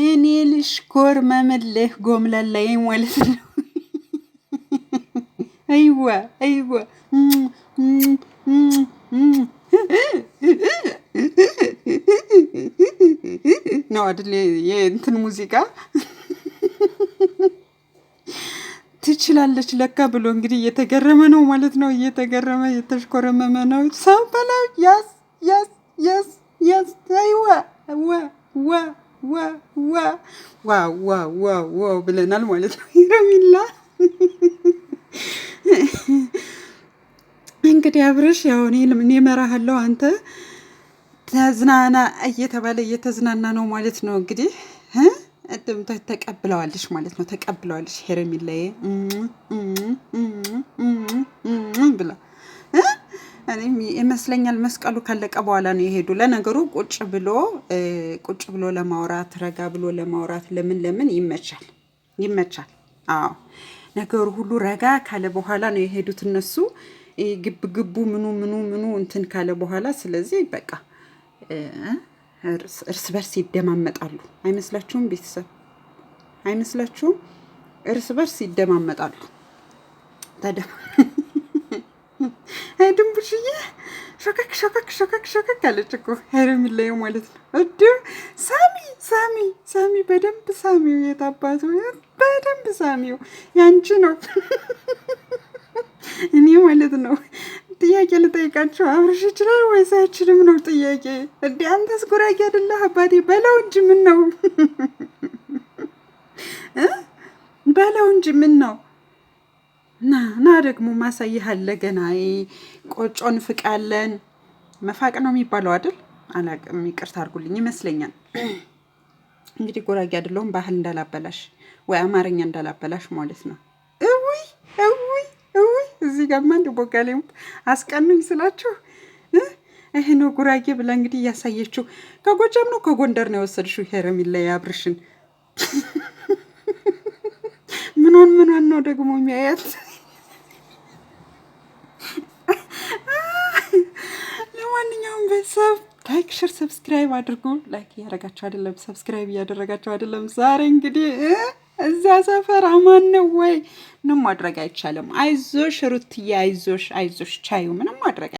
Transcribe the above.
እኔ ልሽኮር ልሽኮርመምልህ ጎምለላዬ ማለት ነው። አይዋ አይዋ ነው አይደል? የእንትን ሙዚቃ ትችላለች ለካ ብሎ እንግዲህ እየተገረመ ነው ማለት ነው። እየተገረመ እየተሽኮረመመ ነው። ሰው በላው ያስ ያስ ያስ ያስ አይዋ ዋ ዋ ዋ ዋ ዋ ዋ ዋ ብለናል ማለት ነው። ሄረሚላ እንግዲህ አብርሽ ያው እኔ እመራሃለሁ አንተ ተዝናና እየተባለ እየተዝናና ነው ማለት ነው። እንግዲህ እድምታ ተቀብለዋለች ማለት ነው። ተቀብለዋለች ሄረሚላዬ ይመስለኛል መስቀሉ ካለቀ በኋላ ነው የሄዱ። ለነገሩ ቁጭ ብሎ ቁጭ ብሎ ለማውራት ረጋ ብሎ ለማውራት ለምን ለምን ይመቻል ይመቻል። አዎ ነገሩ ሁሉ ረጋ ካለ በኋላ ነው የሄዱት እነሱ ግብ ግቡ ምኑ ምኑ ምኑ እንትን ካለ በኋላ ስለዚህ በቃ እርስ በርስ ይደማመጣሉ። አይመስላችሁም? ቤተሰብ አይመስላችሁም? እርስ በርስ ይደማመጣሉ። ድንቡሽዬ ሾከክ ሾከክ ሾከክ ሾከክ አለች እኮ ሄርሚላየው ማለት ነው። እድ ሳሚ ሳሚ ሳሚ በደንብ ሳሚው፣ የታባቱ በደንብ ሳሚው፣ ያንቺ ነው። እኔ ማለት ነው ጥያቄ ልጠይቃቸው፣ አብርሽ ይችላል ወይስ አይችልም ነው ጥያቄ። እንደ አንተስ ጉራጌ አይደለህ አባቴ? በለው እንጂ ምን ነው በለው እንጂ ምን ነው ና ና ደግሞ ማሳይሃለ ገና ቆጮ እንፍቃለን። መፋቅ ነው የሚባለው አይደል? አላቅም፣ ይቅርታ አድርጉልኝ ይመስለኛል። እንግዲህ ጉራጌ አይደለሁም፣ ባህል እንዳላበላሽ ወይ አማርኛ እንዳላበላሽ ማለት ነው። እውይ እውይ እውይ፣ እዚህ ጋማ እንደ ቦጋሌ አስቀኑኝ ስላችሁ ይህ ነው ጉራጌ ብላ እንግዲህ እያሳየችው። ከጎጃም ነው ከጎንደር ነው የወሰድሽው ሄረሚላ አብርሽን ምኗን ምኗን ነው ደግሞ የሚያያት? ቤተሰብ ላይክ ሽር ሰብስክራይብ አድርጉ። ላይክ እያደረጋቸው አይደለም፣ ሰብስክራይብ እያደረጋቸው አይደለም። ዛሬ እንግዲህ እዛ ሰፈር አማን ነው ወይ? ምንም ማድረግ አይቻልም። አይዞሽ ሩትዬ፣ አይዞሽ፣ አይዞሽ ቻዩ ምንም ማድረግ